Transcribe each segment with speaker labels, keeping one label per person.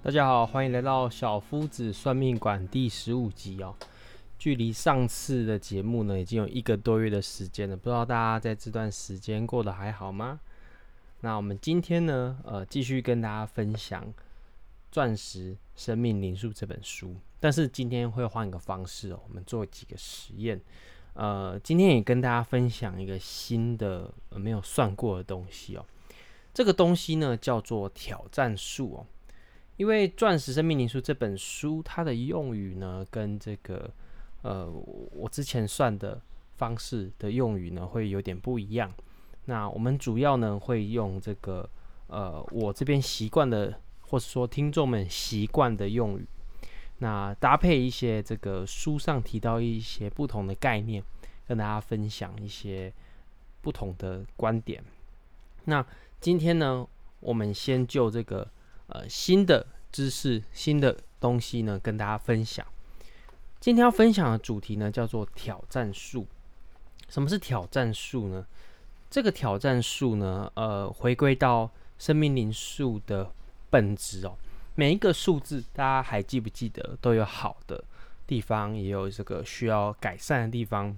Speaker 1: 大家好，歡迎來到小夫子算命館第十五集哦。距離上次的節目呢，已經有一個多月的時間了，不知道大家在這段時間過得還好嗎？那我們今天呢，呃，繼續跟大家分享《鑽石生命靈數》這本書，但是今天會換一個方式哦，我們做幾個實驗。呃，今天也跟大家分享一個新的沒有算過的東西哦，這個東西呢，叫做挑戰數哦。因為《鑽石生命靈數》這本書，它的用語呢，跟這個呃，我之前算的方式的用語呢，會有點不一樣。那我們主要呢，會用這個呃，我這邊習慣的，或者說聽眾們習慣的用語，那搭配一些這個書上提到一些不同的概念，跟大家分享一些不同的觀點。那今天呢，我們先就這個。呃，新的知識、新的東西呢，跟大家分享。今天要分享的主題呢，叫做挑戰數。什麼是挑戰數呢？這個挑戰數呢，呃，回歸到生命靈數的本質哦。每一個數字，大家還記不記得，都有好的地方，也有這個需要改善的地方。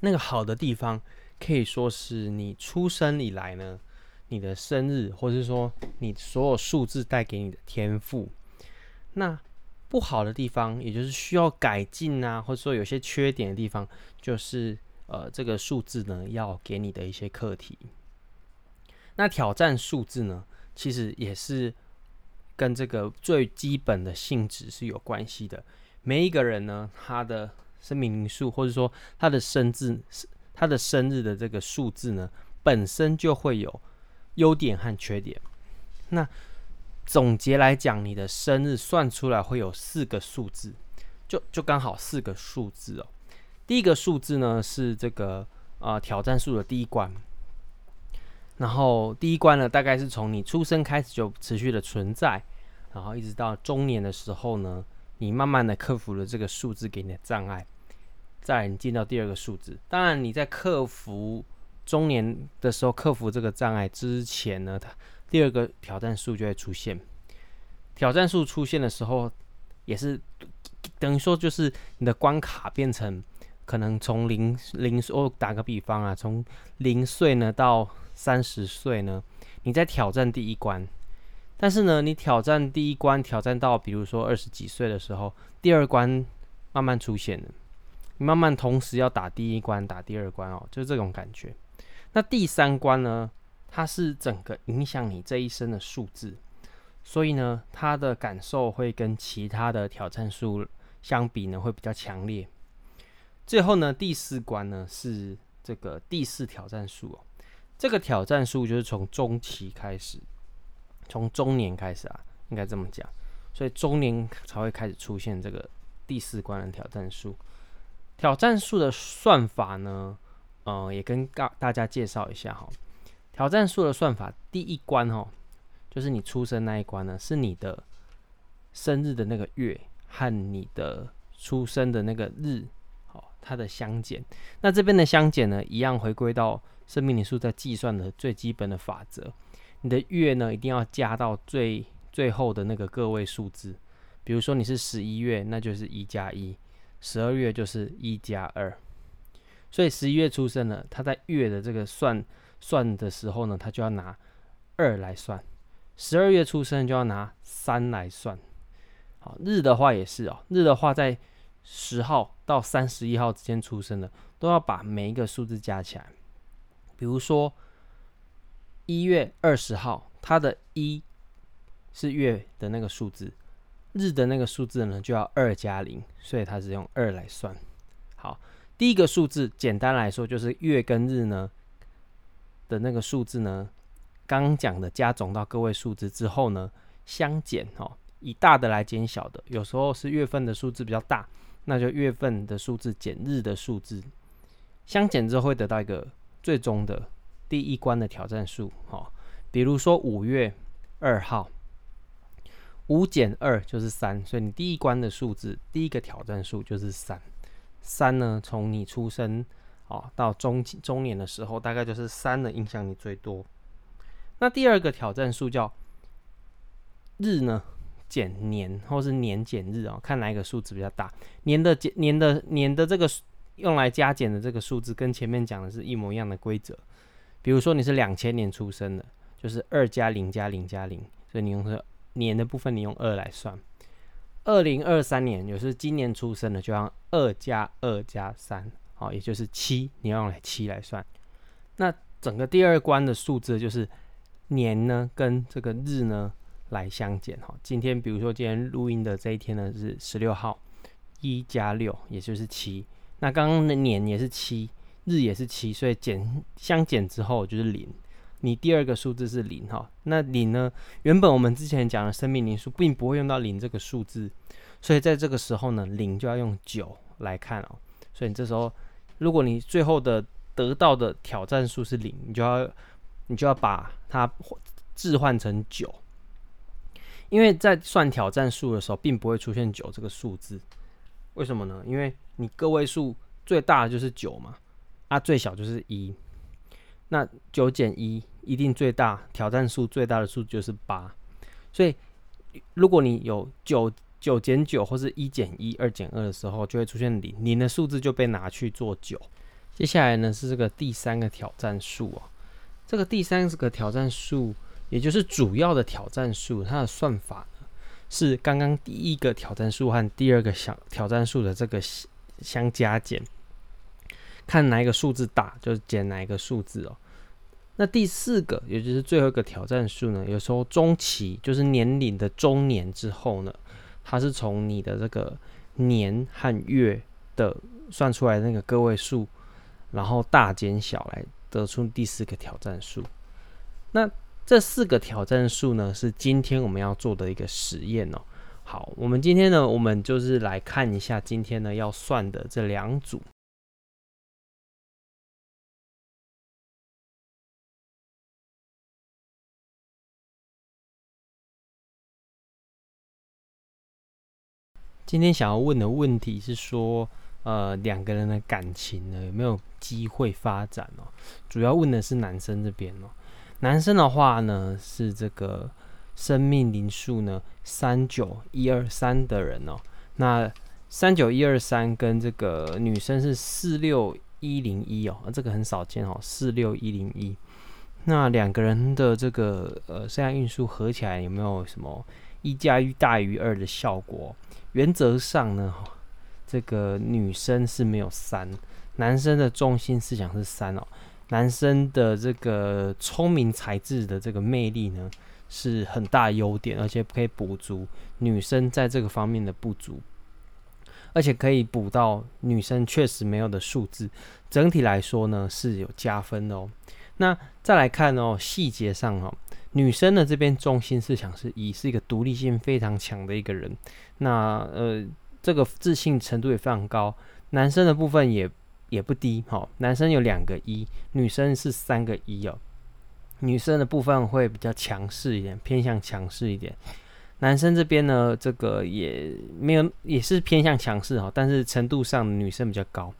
Speaker 1: 那個好的地方，可以說是你出生以來呢。你的生日，或是說你所有數字帶給你的天賦，那不好的地方，也就是需要改進啊，或者說有些缺點的地方，就是呃這個數字呢要給你的一些課題。那挑戰數字呢，其實也是跟這個最基本的性質是有關係的。每一個人呢，他的生命數，或者說他的生字，他的生日的這個數字呢，本身就會有。優點和缺點，那總結來講，你的生日算出來會有四個數字，就就剛好四個數字哦。第一個數字呢是這個呃挑戰數的第一關，然後第一關呢大概是從你出生開始就持續的存在，然後一直到中年的時候呢，你慢慢的克服了這個數字給你的障礙，再來你進到第二個數字。當然你在克服。中年的時候克服這個障礙之前呢，他第二個挑戰數就會出現。挑戰數出現的時候，也是等於說就是你的關卡變成可能從零零哦，打個比方啊，從零歲呢到三十歲呢，你在挑戰第一關。但是呢，你挑戰第一關，挑戰到比如說二十幾歲的時候，第二關慢慢出現了，你慢慢同時要打第一關，打第二關哦，就是這種感覺。那第三關呢？它是整個影響你這一生的數字，所以呢，它的感受會跟其他的挑戰數相比呢，會比較強烈。最後呢，第四關呢，是這個第四挑戰數哦，這個挑戰數就是從中期開始，從中年開始啊，應該這麼講，所以中年才會開始出現這個第四關的挑戰數。挑戰數的算法呢？呃、嗯，也跟大大家介紹一下哈，挑戰數的算法，第一關哦，就是你出生那一關呢，是你的生日的那個月和你的出生的那個日，好，它的相減。那這邊的相減呢，一樣回歸到生命靈數在計算的最基本的法則。你的月呢，一定要加到最最後的那個個位數字。比如說你是十一月，那就是一加一；十二月就是一加二。所以十一月出生的，他在月的這個算算的時候呢，他就要拿二來算；十二月出生就要拿三來算。好，日的話也是哦，日的話在十號到三十一號之間出生的，都要把每一個數字加起來。比如說一月二十號，它的一是月的那個數字，日的那個數字呢就要二加零，所以它是用二來算。好。第一個數字，簡單來說就是月跟日呢的那個數字呢，剛講的加總到個位數字之後呢，相減哦，以大的來減小的，有時候是月份的數字比較大，那就月份的數字減日的數字，相減之後會得到一個最終的第一關的挑戰數哦，比如說五月二號，五減二就是三，所以你第一關的數字，第一個挑戰數就是三。三呢，從你出生哦到中中年的時候，大概就是三的影響你最多。那第二個挑戰數叫日呢減年，或是年減日哦，看哪一個數字比較大。年的減年的年的這個用來加減的這個數字，跟前面講的是一模一樣的規則。比如說你是兩千年出生的，就是二加零加零加零，0 0 0，所以你用、這個、年的部分，你用二來算。二零二三年，就是今年出生的，就按二加二加三，好、哦，也就是七，你要用來七來算。那整個第二關的數字就是年呢跟這個日呢來相減。哈、哦，今天比如說今天錄音的這一天呢、就是十六號，一加六也就是七，那剛剛的年也是七，日也是七，所以減相減之後就是零。你第二個數字是零哈，那零呢？原本我們之前講的生命靈數並不會用到零這個數字，所以在這個時候呢，零就要用九來看哦。所以你這時候，如果你最後的得到的挑戰數是零，你就要你就要把它置換成九，因為在算挑戰數的時候，並不會出現九這個數字。為什麼呢？因為你個位數最大的就是九嘛，啊最小就是一。那九減一一定最大，挑戰數最大的數就是八，所以如果你有九九減九或是一減一二減二的時候，就會出現零，零的數字就被拿去做九。接下來呢是這個第三個挑戰數哦、啊，這個第三個挑戰數也就是主要的挑戰數，它的算法是剛剛第一個挑戰數和第二個小挑戰數的這個相相加減。看哪一個數字大，就是減哪一個數字哦。那第四個，也就是最後一個挑戰數呢，有時候中期就是年齡的中年之後呢，它是從你的這個年和月的算出來那個個位數，然後大減小來得出第四個挑戰數。那這四個挑戰數呢，是今天我們要做的一個實驗哦。好，我們今天呢，我們就是來看一下今天呢要算的這兩組。今天想要問的問題是說，呃，兩個人的感情呢有沒有機會發展哦？主要問的是男生這邊哦。男生的話呢是這個生命靈數呢三九一二三的人哦。那三九一二三跟這個女生是四六一零一哦，這個很少見哦，四六一零一。那兩個人的這個呃，生命靈數合起來有沒有什麼一加一大於二的效果？原則上呢，這個女生是沒有三，男生的中心思想是三哦。男生的這個聰明才智的這個魅力呢，是很大優點，而且可以補足女生在這個方面的不足，而且可以補到女生確實沒有的數字。整體來說呢，是有加分的哦。那再來看哦，細節上哦。女生的這邊中心思想是一，是一個獨立性非常強的一個人。那呃，這個自信程度也非常高。男生的部分也也不低，齁，男生有兩個一，女生是三個一哦。女生的部分會比較強勢一點，偏向強勢一點。男生這邊呢，這個也沒有，也是偏向強勢哈，但是程度上女生比較高。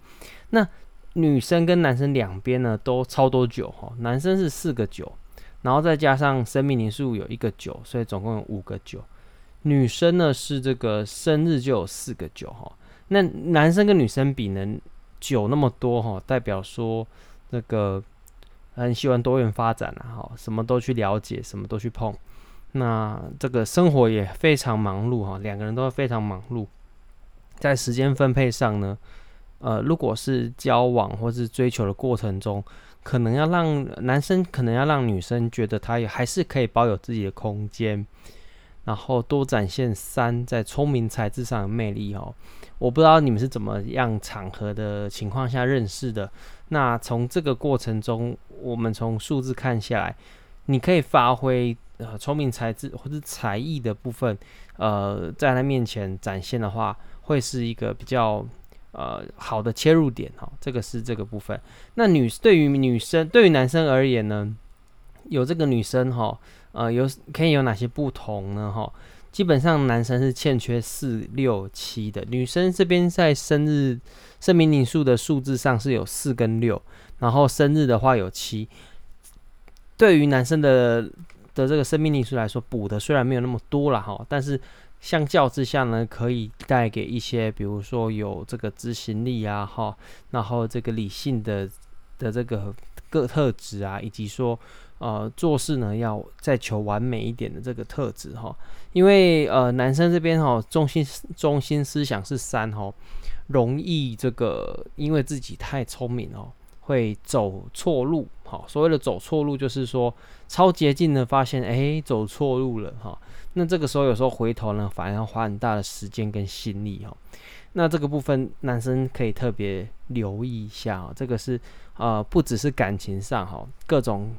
Speaker 1: 那女生跟男生兩邊呢都超多九哈？男生是四個九。然後再加上生命靈數有一個九，所以總共有五個九。女生呢是這個生日就有四個九哈、哦，那男生跟女生比呢九那麼多哈、哦，代表說那個很喜歡多元發展哈、啊哦，什麼都去了解，什麼都去碰。那這個生活也非常忙碌哈、哦，兩個人都非常忙碌，在時間分配上呢。呃，如果是交往或是追求的過程中，可能要讓男生，可能要讓女生覺得他還是可以保有自己的空間，然後多展現三在聰明才智上的魅力哦。我不知道你們是怎麼樣場合的情況下認識的，那從這個過程中，我們從數字看下來，你可以發揮呃聰明才智或是才藝的部分，呃，在他面前展現的話，會是一個比較。呃，好的切入點哦，這個是這個部分。那女對於女生對於男生而言呢，有這個女生哈，呃，有可以有哪些不同呢哈？基本上男生是欠缺四六七的，女生這邊在生日生命靈數的數字上是有四跟六，然後生日的話有七。對於男生的的這個生命靈數來說，補的雖然沒有那麼多了哈，但是。相較之下呢，可以帶給一些，比如說有這個執行力啊，哈、哦，然後這個理性的的這個各特質啊，以及說，呃，做事呢要再求完美一點的這個特質哈、哦。因為呃，男生這邊哈，中心中心思想是三哈、哦，容易這個因為自己太聰明哦，會走錯路，好、哦，所謂的走錯路就是說超捷徑的發現，哎、欸，走錯路了哈。哦那這個時候有時候回頭呢，反而要花很大的時間跟心力哦。那這個部分男生可以特別留意一下哦。這個是呃，不只是感情上哈，各種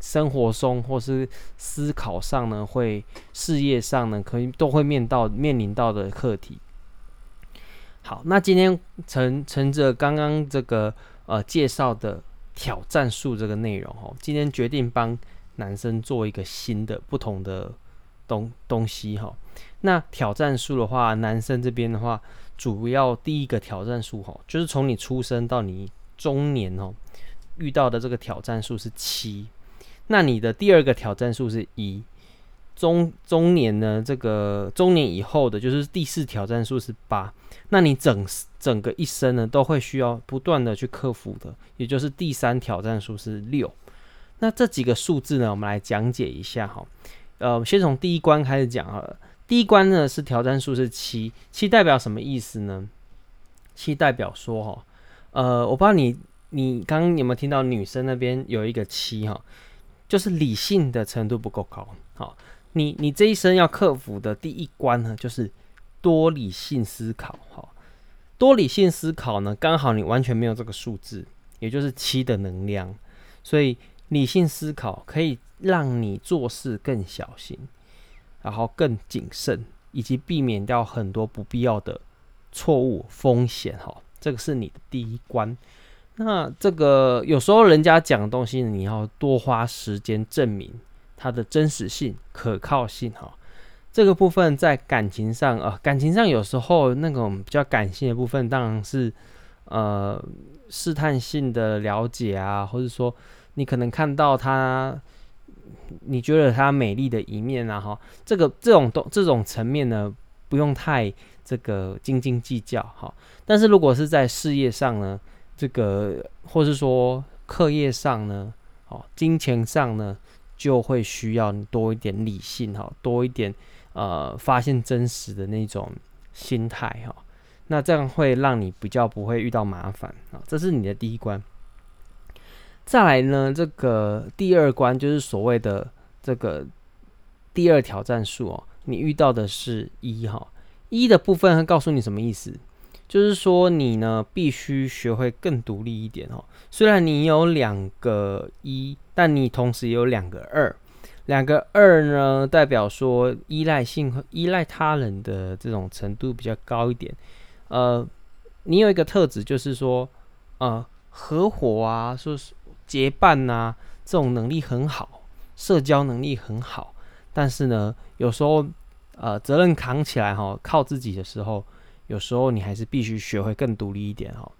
Speaker 1: 生活中或是思考上呢，會事業上呢，可以都會面到面臨到的課題。好，那今天乘乘着剛剛這個呃介紹的挑戰數這個內容哦，今天決定幫男生做一個新的不同的。東東西哈，那挑戰數的話，男生這邊的話，主要第一個挑戰數哈，就是從你出生到你中年哦，遇到的這個挑戰數是七。那你的第二個挑戰數是一，中中年呢，這個中年以後的，就是第四挑戰數是八。那你整整個一生呢，都會需要不斷的去克服的，也就是第三挑戰數是六。那這幾個數字呢，我們來講解一下哈。呃，先從第一關開始講哈，第一關呢是挑戰數是七，七代表什麼意思呢？七代表說哈，呃，我不知道你你剛剛有沒有聽到女生那邊有一個七哈、哦，就是理性的程度不夠高。好、哦，你你這一生要克服的第一關呢，就是多理性思考。好、哦，多理性思考呢，剛好你完全沒有這個數字，也就是七的能量，所以理性思考可以。讓你做事更小心，然後更謹慎，以及避免掉很多不必要的錯誤風險哈、哦。這個是你的第一關。那這個有時候人家講的東西，你要多花時間證明它的真實性、可靠性哈、哦。這個部分在感情上啊、呃，感情上有時候那種比較感性的部分，當然是呃試探性的了解啊，或者說你可能看到他。你覺得它美麗的一面啊，哈、哦，這個這種東這種層面呢，不用太這個斤斤計較，哈、哦。但是如果是在事業上呢，這個或是說課業上呢，哦，金錢上呢，就會需要你多一點理性，哈、哦，多一點呃，發現真實的那種心態，哈、哦。那這樣會讓你比較不會遇到麻煩，啊、哦，這是你的第一關。再來呢，這個第二關就是所謂的這個第二挑戰數哦。你遇到的是一哈一的部分會告訴你什麼意思，就是說你呢必須學會更獨立一點哦。雖然你有兩個一，但你同時也有兩個二，兩個二呢代表說依賴性、依賴他人的這種程度比較高一點。呃，你有一個特質就是說，呃，合夥啊，說是。結伴吶、啊，這種能力很好，社交能力很好，但是呢，有時候，呃，責任扛起來哈，靠自己的時候，有時候你還是必須學會更獨立一點哈。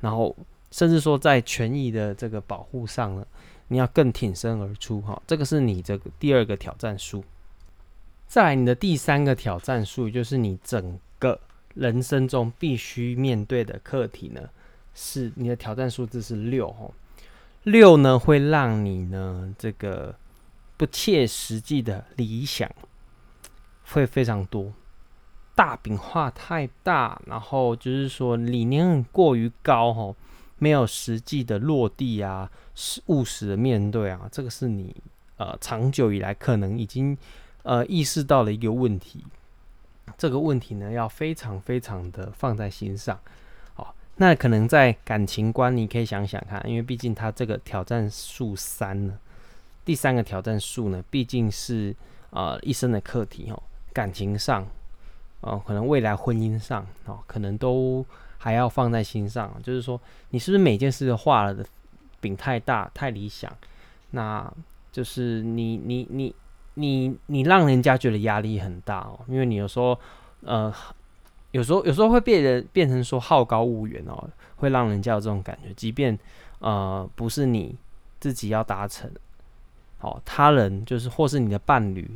Speaker 1: 然後，甚至說在權益的這個保護上呢，你要更挺身而出哈。這個是你這個第二個挑戰數。再來，你的第三個挑戰數就是你整個人生中必須面對的課題呢，是你的挑戰數字是六六呢，會讓你呢，這個不切實際的理想會非常多，大餅畫太大，然後就是說理念過於高哈，沒有實際的落地啊，務實的面對啊，這個是你呃長久以來可能已經呃意識到了一個問題，這個問題呢要非常非常的放在心上。那可能在感情觀，你可以想想看，因為畢竟他這個挑戰數三呢，第三個挑戰數呢，畢竟是呃一生的課題哦，感情上，哦、呃、可能未來婚姻上哦，可能都還要放在心上，就是說你是不是每件事都畫了的餅太大太理想，那就是你你你你你讓人家覺得壓力很大哦，因為你有時候呃。有時候，有時候會變成變成說好高騖遠哦，會讓人家有這種感覺。即便呃不是你自己要達成，哦、喔，他人就是或是你的伴侶、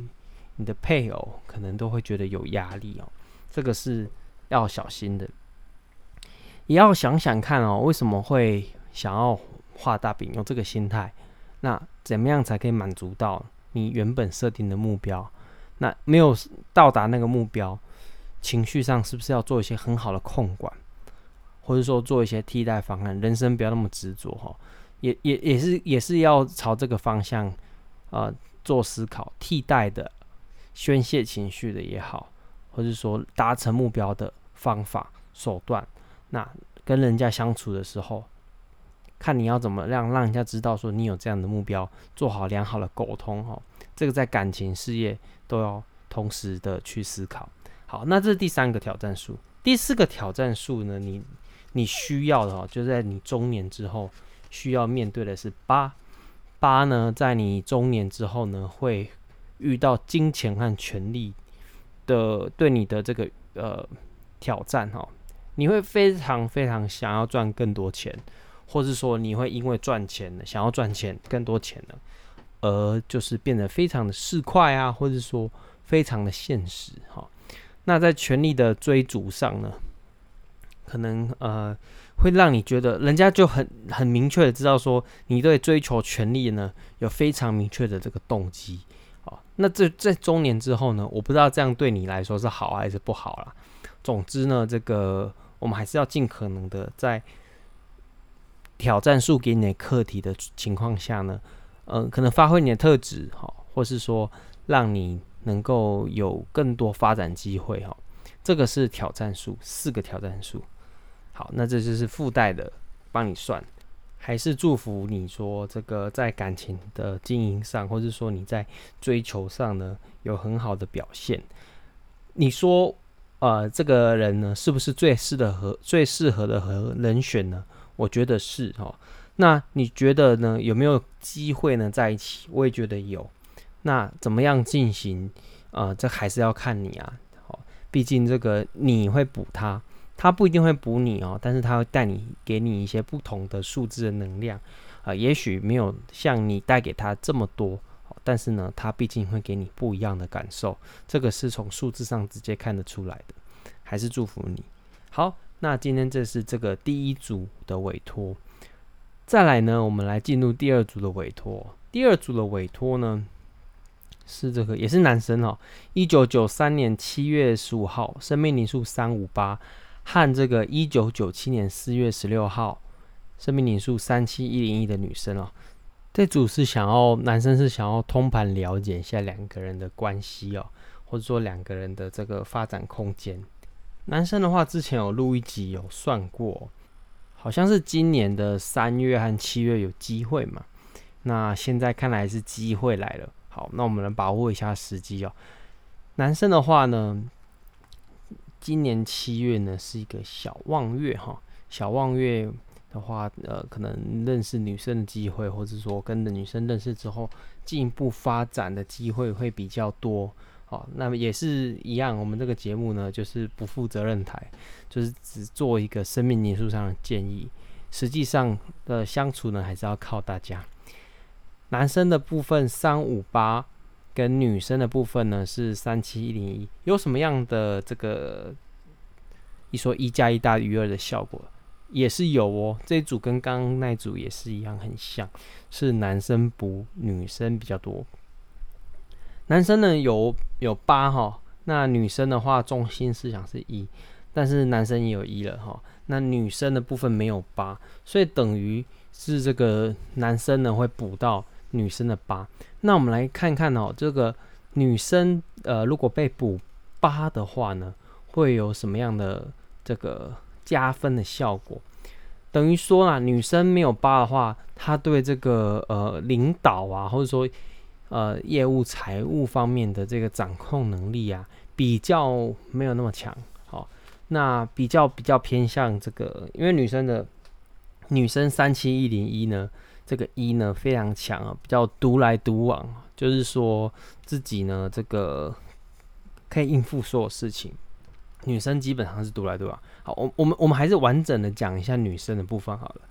Speaker 1: 你的配偶，可能都會覺得有壓力哦、喔。這個是要小心的，也要想想看哦、喔，為什麼會想要畫大餅，用這個心態？那怎麼樣才可以滿足到你原本設定的目標？那沒有到達那個目標。情緒上是不是要做一些很好的控管，或者說做一些替代方案？人生不要那麼執着哈，也也也是也是要朝這個方向啊做思考，替代的宣洩情緒的也好，或者說達成目標的方法手段。那跟人家相處的時候，看你要怎麼樣讓讓人家知道說你有這樣的目標，做好良好的溝通哦。這個在感情、事業都要同時的去思考。好，那這是第三個挑戰數。第四個挑戰數呢？你你需要的哈、喔，就是在你中年之後需要面對的是八。八呢，在你中年之後呢，會遇到金錢和權力的對你的這個呃挑戰哈、喔。你會非常非常想要賺更多錢，或是說你會因為賺錢想要賺錢更多錢呢，而就是變得非常的市儈啊，或是說非常的現實哈。喔那在權力的追逐上呢，可能呃，會讓你覺得人家就很很明確的知道說，你對追求權力呢有非常明確的這個動機，哦，那這在中年之後呢，我不知道這樣對你來說是好還是不好啦。總之呢，這個我們還是要盡可能的在挑戰數給你的課題的情況下呢，嗯、呃，可能發揮你的特質，哈，或是說讓你。能夠有更多發展機會哦，這個是挑戰數，四個挑戰數。好，那這就是附帶的幫你算，還是祝福你說這個在感情的經營上，或者說你在追求上呢，有很好的表現。你說，呃，這個人呢，是不是最適的合、最適合的合人選呢？我覺得是哦。那你覺得呢？有沒有機會呢在一起？我也覺得有。那怎麼樣進行？呃，這還是要看你啊。好，畢竟這個你會補他，他不一定會補你哦。但是他會帶你給你一些不同的數字的能量啊。呃，也許沒有像你帶給他這麼多，但是呢，他畢竟會給你不一樣的感受。這個是從數字上直接看得出來的，還是祝福你。好，那今天這是這個第一組的委託，再來呢，我們來進入第二組的委託。第二組的委託呢？是這個也是男生哦，一九九三年七月十五號，生命靈數三五八，和這個一九九七年四月十六號，生命靈數三七一零一的女生哦，這組是想要男生是想要通盤了解一下兩個人的關係哦，或者說兩個人的這個發展空間。男生的話之前有錄一集有算過喔，好像是今年的三月和七月有機會嘛，那現在看來是機會來了。好，那我們來把握一下時機哦。男生的話呢，今年七月呢是一個小望月哈、哦，小望月的話，呃，可能認識女生的機會，或者說跟著女生認識之後進一步發展的機會會比較多。好、哦，那麼也是一樣，我們這個節目呢就是不負責任台，就是只做一個生命靈數上的建議，實際上的相處呢還是要靠大家。男生的部分三五八，跟女生的部分呢是三七一零一，有什麼樣的這個一說一加一大於二的效果也是有哦。這一組跟剛剛那組也是一樣很像，是男生補女生比較多。男生呢有有八吼，那女生的話中心思想是一，但是男生也有一了哈，那女生的部分沒有八，所以等於是這個男生呢會補到。女生的八，那我們來看看哦、喔，這個女生呃，如果被補八的話呢，會有什麼樣的這個加分的效果？等於說啦，女生沒有八的話，她對這個呃領導啊，或者說呃業務、財務方面的這個掌控能力啊，比較沒有那麼強。好，那比較比較偏向這個，因為女生的女生三七一零一呢。這個一呢，非常強啊，比較獨來獨往，就是說自己呢，這個可以應付所有事情。女生基本上是獨來獨往。好，我我們我們還是完整的講一下女生的部分好了。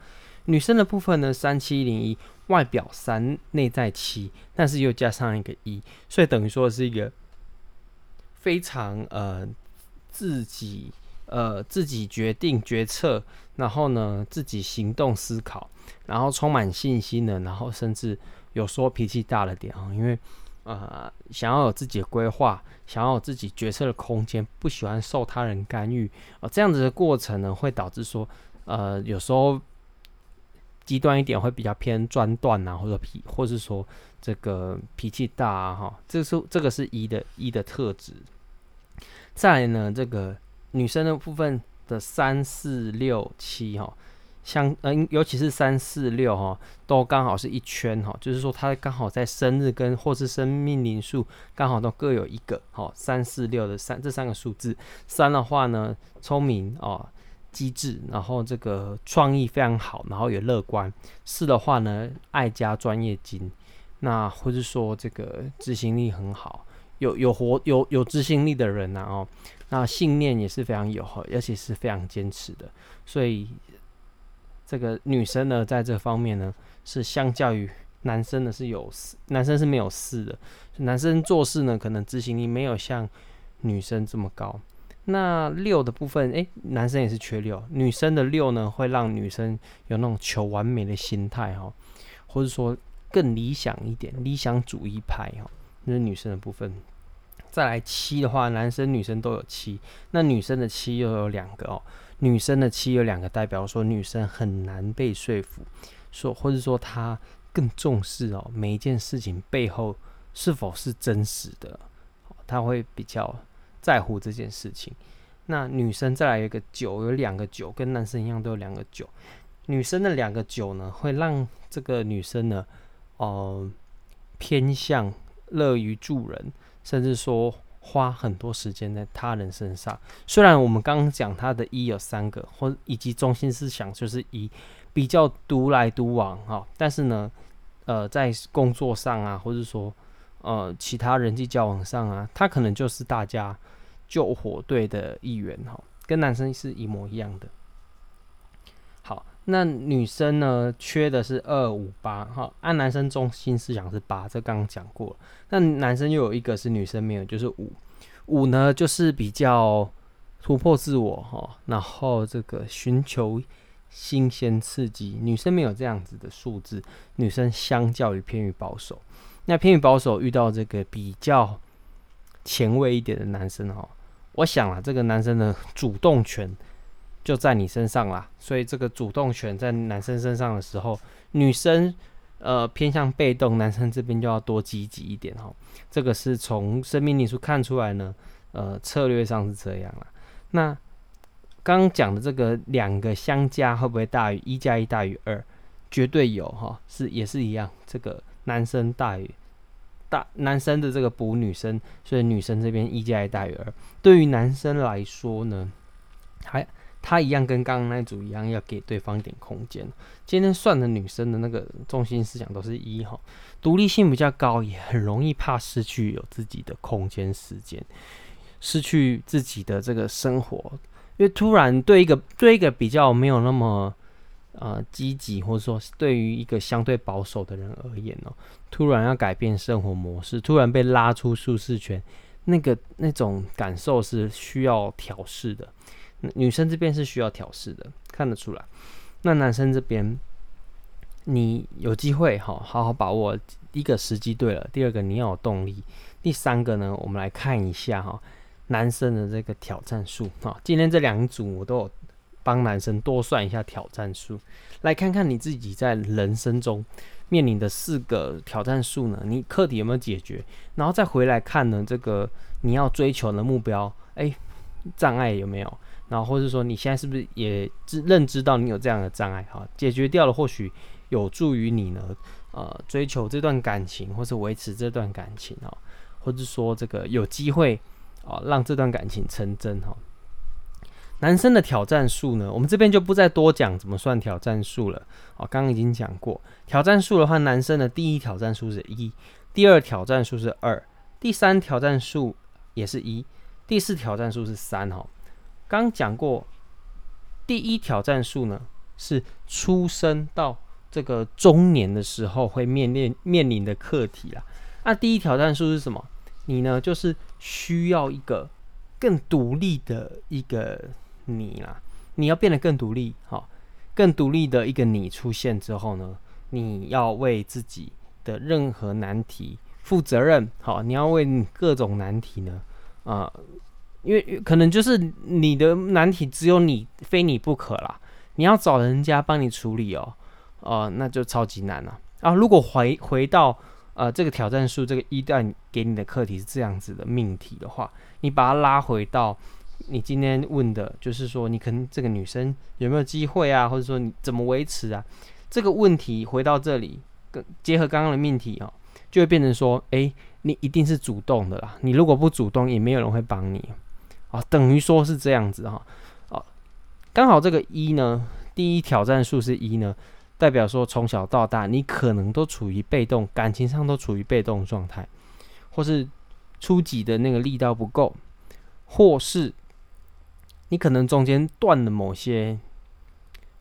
Speaker 1: 女生的部分呢，三七零一，外表三，內在七，但是又加上一個一，所以等於說是一個非常呃自己呃自己決定決策，然後呢，自己行動思考。然後充滿信心的，然後甚至有時候脾氣大了點啊，因為呃想要有自己的規劃，想要有自己決策的空間，不喜歡受他人干預啊、呃。這樣子的過程呢，會導致說呃有時候極端一點會比較偏專斷啊，或者脾，或是說這個脾氣大哈、啊，這是這個是一的一的特質。再來呢，這個女生的部分的三四六七哈、哦。像嗯、呃，尤其是三四六哈，都剛好是一圈哈、哦，就是說它剛好在生日跟或是生命靈數剛好都各有一個哈三四六的三這三個數字。三的話呢，聰明哦，機智，然後這個創意非常好，然後也樂觀。四的話呢，愛家、專業精，那或是說這個執行力很好，有有活有有執行力的人、啊，那哦，那信念也是非常有哈，而且是非常堅持的，所以。這個女生呢，在這方面呢，是相較於男生呢，是有四，男生是沒有四的。男生做事呢，可能執行力沒有像女生這麼高。那六的部分，誒，男生也是缺六，女生的六呢，會讓女生有那種求完美的心態哈，或者說更理想一點，理想主義派哈，那是女生的部分。再來七的話，男生女生都有七，那女生的七又有兩個哦。女生的七有兩個代表，說女生很難被說服，說或者說她更重視哦，每一件事情背後是否是真實的，她會比較在乎這件事情。那女生再來一個九，有兩個九，跟男生一樣都有兩個九。女生的兩個九呢，會讓這個女生呢，哦、呃，偏向樂於助人，甚至說。花很多時間在他人身上，雖然我們剛剛講他的一有三個，或以及中心思想就是一，比較獨來獨往哈，但是呢，呃，在工作上啊，或者說呃其他人際交往上啊，他可能就是大家救火隊的一員哈，跟男生是一模一樣的。那女生呢，缺的是二五八，哈、啊，按男生中心思想是八，這剛剛講過。那男生又有一個是女生沒有，就是五，五呢就是比較突破自我，哈、哦，然後這個尋求新鮮刺激，女生沒有這樣子的數字，女生相較於偏於保守。那偏於保守遇到這個比較前衛一點的男生，哈、哦，我想啊，這個男生的主動權。就在你身上啦，所以這個主動權在男生身上的時候，女生呃偏向被動，男生這邊就要多積極一點哈、哦。這個是從生命靈數看出來呢，呃，策略上是這樣啦。那剛剛講的這個兩個相加會不會大於一加一大於二？絕對有哈、哦，是也是一樣。這個男生大於大男生的這個補女生，所以女生這邊一加一大於二。對於男生來說呢，還。他一樣跟剛剛那組一樣，要給對方一點空間。今天算的女生的那個中心思想都是一哈，獨立性比較高，也很容易怕失去有自己的空間、時間，失去自己的這個生活。因為突然對一個對一個比較沒有那麼呃積極，或者說是對於一個相對保守的人而言呢，突然要改變生活模式，突然被拉出舒適圈，那個那種感受是需要調試的。女生這邊是需要調試的，看得出來。那男生這邊，你有機會哈，好好把握一個時機。對了，第二個你要有動力。第三個呢，我們來看一下哈，男生的這個挑戰數哈，今天這兩組我都有幫男生多算一下挑戰數，來看看你自己在人生中面臨的四個挑戰數呢，你課題有沒有解決？然後再回來看呢，這個你要追求的目標，哎、欸，障礙有沒有？然後，或者說你現在是不是也知認知到你有這樣的障礙？哈，解決掉了，或許有助於你呢。呃，追求這段感情，或是維持這段感情哈，或者說這個有機會啊，讓這段感情成真哈。男生的挑戰數呢，我們這邊就不再多講怎麼算挑戰數了。哦，剛剛已經講過，挑戰數的話，男生的第一挑戰數是一，第二挑戰數是二，第三挑戰數也是一，第四挑戰數是三哈。剛講過，第一挑戰數呢是出生到這個中年的時候會面臨面臨的課題啦。那、啊、第一挑戰數是什麼？你呢就是需要一個更獨立的一個你啦。你要變得更獨立，好、哦，更獨立的一個你出現之後呢，你要為自己的任何難題負責任，好、哦，你要為你各種難題呢，啊、呃。因為可能就是你的難題只有你非你不可啦，你要找人家幫你處理哦、喔，哦、呃，那就超級難了啊，啊！如果回回到呃這個挑戰數這個一段給你的課題是這樣子的命題的話，你把它拉回到你今天問的就是說你可能這個女生有沒有機會啊，或者說你怎麼維持啊？這個問題回到這裡，跟結合剛剛的命題哦、喔，就會變成說，哎、欸，你一定是主動的啦，你如果不主動，也沒有人會幫你。啊、哦，等於說是這樣子哈，啊、哦，剛好這個一呢，第一挑戰數是一呢，代表說從小到大你可能都處於被動，感情上都處於被動狀態，或是初級的那個力道不夠，或是你可能中間斷了某些，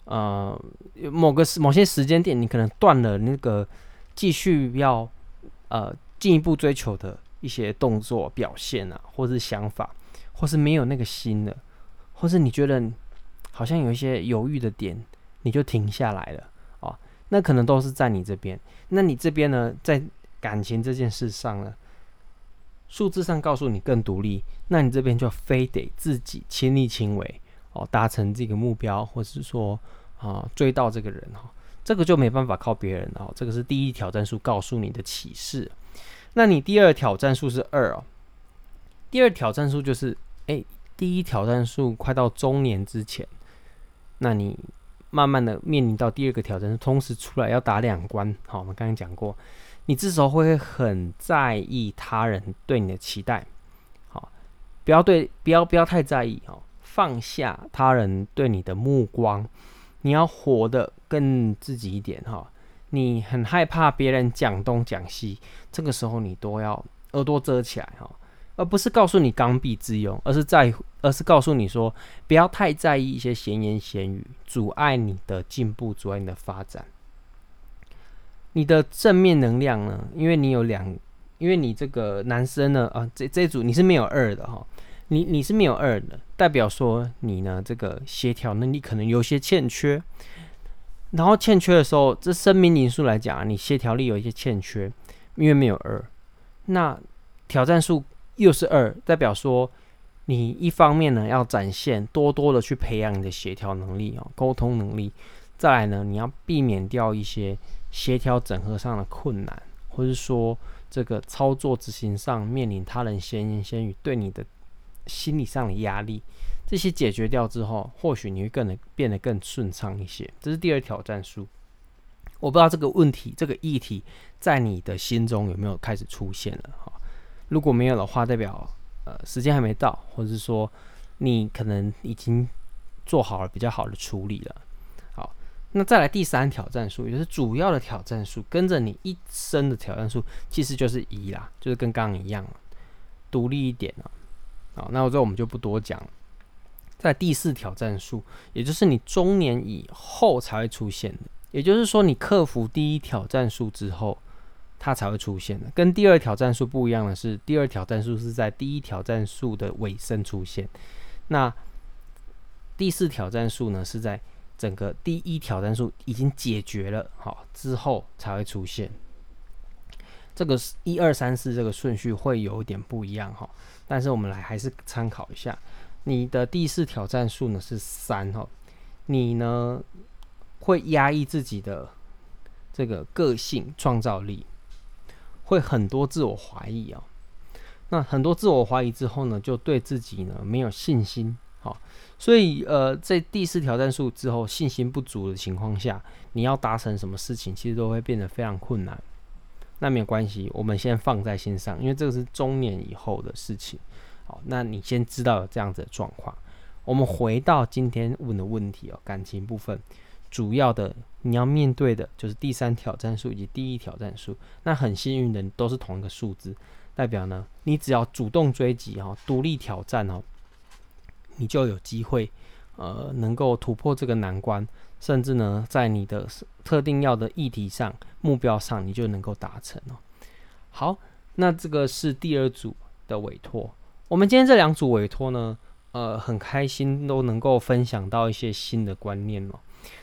Speaker 1: 呃，某個某些時間點，你可能斷了那個繼續要呃進一步追求的一些動作表現啊，或是想法。或是沒有那個心了，或是你覺得好像有一些猶豫的點，你就停下來了哦，那可能都是在你這邊。那你這邊呢，在感情這件事上呢，數字上告訴你更獨立，那你這邊就非得自己親力親為哦，達成這個目標，或是說啊、哦、追到這個人哈、哦，這個就沒辦法靠別人哦。這個是第一挑戰數告訴你的啟示。那你第二挑戰數是二哦，第二挑戰數就是。哎、欸，第一挑戰數快到中年之前，那你慢慢的面臨到第二個挑戰，同時出來要打兩關。好，我們剛剛講過，你這時候會很在意他人對你的期待，好，不要對不要不要太在意哦，放下他人對你的目光，你要活得更自己一點哦，你很害怕別人講東講西，這個時候你都要耳朵遮起來哦而不是告訴你剛愎自用，而是在，而是告訴你說，不要太在意一些閒言閒語，阻礙你的進步，阻礙你的發展。你的正面能量呢？因為你有兩，因為你這個男生呢，啊，這這組你是沒有二的哈、哦，你你是沒有二的，代表說你呢這個協調能力可能有些欠缺。然後欠缺的時候，這生命因素來講、啊，你協調力有一些欠缺，因為沒有二，那挑戰數。又是二，代表說你一方面呢要展現多多的去培養你的協調能力、哦、溝通能力，再來呢你要避免掉一些協調整合上的困難，或是說這個操作執行上面臨他人閒言閒語對你的心理上的壓力，這些解決掉之後，或許你會更變得更順暢一些。這是第二挑戰數，我不知道這個問題這個議題在你的心中有沒有開始出現了哈？如果沒有的話，代表呃時間還沒到，或者是說你可能已經做好了比較好的處理了。好，那再來第三挑戰數，也就是主要的挑戰數，跟着你一生的挑戰數，其實就是一啦，就是跟剛剛一樣，獨立一點啊。好，那我這我們就不多講。在第四挑戰數，也就是你中年以後才會出現的，也就是說你克服第一挑戰數之後。它才會出現的，跟第二挑戰數不一樣的是，第二挑戰數是在第一挑戰數的尾聲出現。那第四挑戰數呢，是在整個第一挑戰數已經解決了好之後才會出現。這個是一二三四這個順序會有點不一樣哈，但是我們來還是參考一下。你的第四挑戰數呢是三哈，你呢會壓抑自己的這個個性創造力。會很多自我懷疑哦。那很多自我懷疑之後呢，就對自己呢沒有信心，好、哦，所以呃，在第四挑戰數之後，信心不足的情況下，你要達成什麼事情，其實都會變得非常困難。那沒有關係，我們先放在心上，因為這個是中年以後的事情，好、哦，那你先知道有這樣子的狀況。我們回到今天問的問題哦，感情部分。主要的你要面對的就是第三挑戰數以及第一挑戰數，那很幸運的都是同一個數字，代表呢，你只要主動追擊哦，獨立挑戰哦，你就有機會，呃，能夠突破這個難關，甚至呢，在你的特定要的議題上、目標上，你就能夠達成了哦。好，那這個是第二組的委託。我們今天這兩組委託呢，呃，很開心都能夠分享到一些新的觀念哦。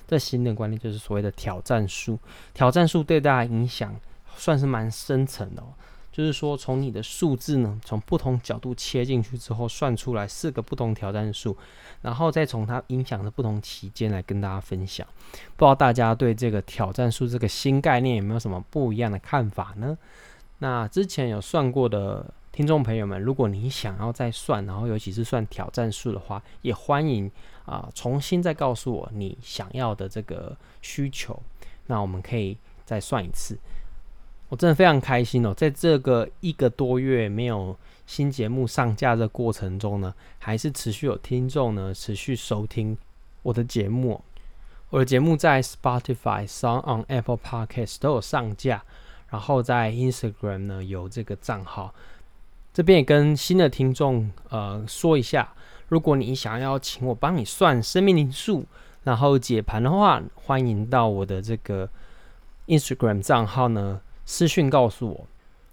Speaker 1: 這新的觀念就是所謂的挑戰數，挑戰數對大家影響算是蠻深層的哦，就是說從你的數字呢，從不同角度切進去之後算出來四個不同挑戰數，然後再從它影響的不同期間來跟大家分享。不知道大家對這個挑戰數這個新概念有沒有什麼不一樣的看法呢？那之前有算過的聽眾朋友們，如果你想要再算，然後尤其是算挑戰數的話，也歡迎。啊，重新再告訴我你想要的這個需求，那我們可以再算一次。我真的非常開心哦，在這個一個多月沒有新節目上架的過程中呢，還是持續有聽眾呢，持續收聽我的節目。我的節目在 Spotify、SoundOn、Apple Podcast 都有上架，然後在 Instagram 呢有這個賬號。這邊也跟新的聽眾呃說一下。如果你想要請我幫你算生命靈數，然後解盤的話，歡迎到我的這個 Instagram 賬號呢，私訊告訴我。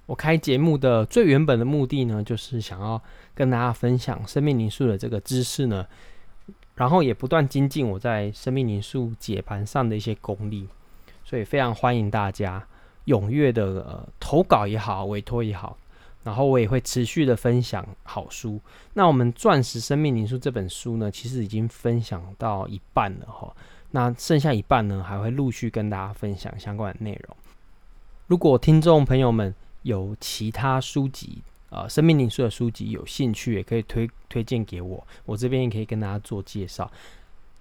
Speaker 1: 我開節目的最原本的目的呢，就是想要跟大家分享生命靈數的這個知識呢，然後也不斷精進我在生命靈數解盤上的一些功力，所以非常歡迎大家踴躍的，呃，投稿也好，委托也好。然後我也會持續的分享好書。那我們《鑽石生命靈數》這本書呢，其實已經分享到一半了哈。那剩下一半呢，還會陸續跟大家分享相關的內容。如果聽眾朋友們有其他書籍，啊、呃，生命靈數的書籍有興趣，也可以推推薦給我，我這邊也可以跟大家做介紹。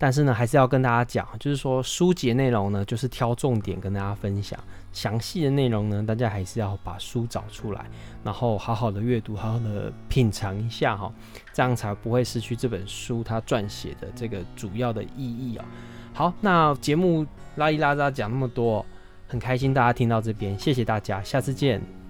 Speaker 1: 但是呢，還是要跟大家講，就是說書籍內容呢，就是挑重點跟大家分享。詳細的內容呢，大家還是要把書找出來，然後好好的閱讀，好好的品嘗一下哈，這樣才不會失去這本書它撰寫的這個主要的意義哦。好，那節目拉哩拉雜講那麼多，很開心大家聽到這邊，謝謝大家，下次見。